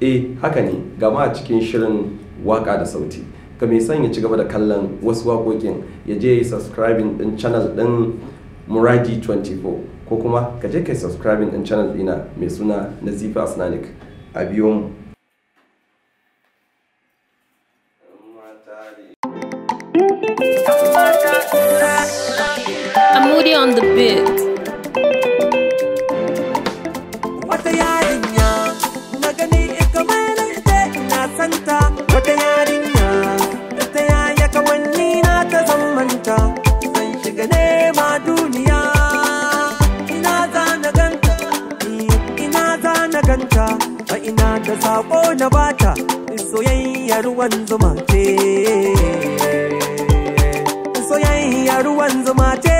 eh haka ne gama a cikin shirin waka da sauti ka mai sanya ya ci gaba da kallon wasu waƙoƙin ya je yi subscribing din channel din muradi 24 ko kuma ka je ka yi subscribing din channel dina mai suna nazifa asnanik a biyo mu Moody on the beat. kanta a ina da sako na bata soyayyar ruwan zuma ce soyayyar ruwan zuma ce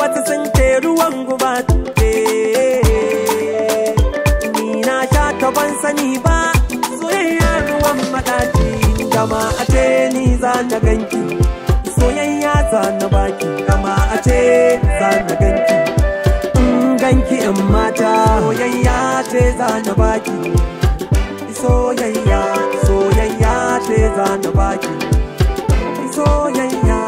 wata sun ce ruwan guba ce ni na sha ta ban sani ba soyayyar ruwan madaci kama a ce ni za na ganki soyayya za na baki kama a ce za na ganki 'yan mata soyayya ce za na baki soyayya soyayya ce za na baki soyayya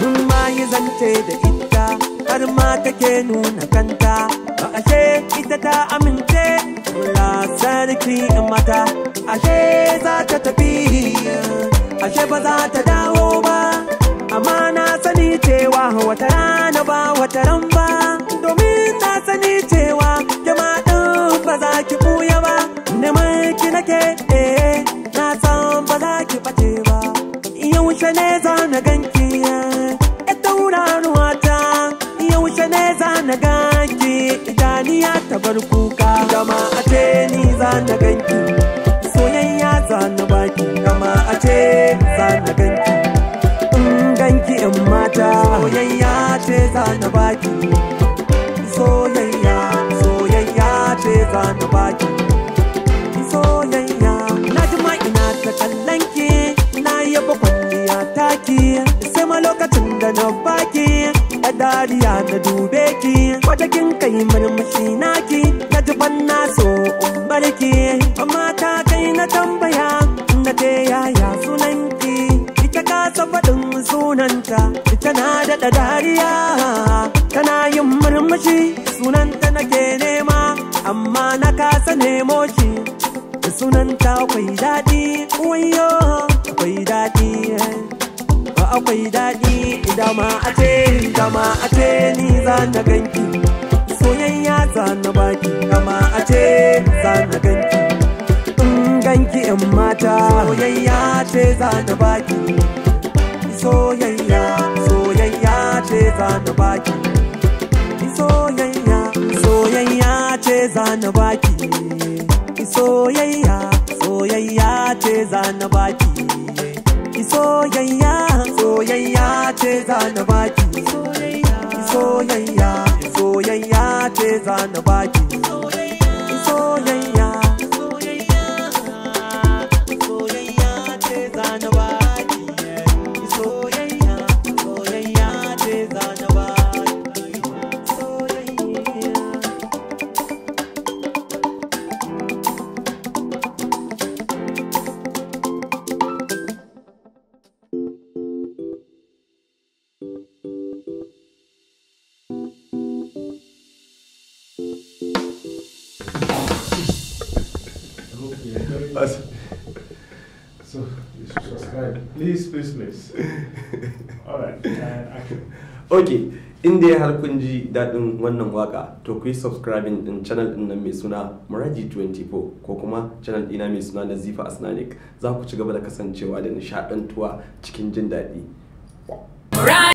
mun ma yi zance da ita har ma take nuna kanta ba ashe ita ta amince la sarki mata ashe za ta tafi ashe ba za ta dawo ba amma na sani cewa wata rana ba wata rana nake eh na san ba za ki bace ba yaushe ne za na ganki ya eh, ta yaushe ne za na ganki idaniya ta bar kuka jama'a ce ni za na ganki sai ma lokacin da na baki da dariya na dube ki wata kin kai murmushi naki na jiban na so barki amma ta kai na tambaya na te yaya sunan ki ita ka faɗin sunanta ita na daɗa dariya tana yin murmushi sunanta nake nema amma na kasa nemo shi sunanta akwai daɗi wayo akwai daɗi akwai daɗi dama a ce dama a ce ni za na ganki soyayya za na baki dama a ce za na ganki in ganki in mata soyayya ce za na baki soyayya soyayya ce za na baki soyayya soyayya ce za na baki soyayya soyayya ce za na baki baki soyayya soyayya ce za na baki soyayya soyayya ce za na baki soyayya Okay. so you should subscribe. Please, please, please. Okay. In dai har kun ji daɗin wannan waka to ku yi subscribing din channel din nan mai suna Muraji 24 ko kuma channel ɗina mai suna Nazifa Asnanik za ku ci gaba da kasancewa da nishaɗantuwa cikin jin daɗi.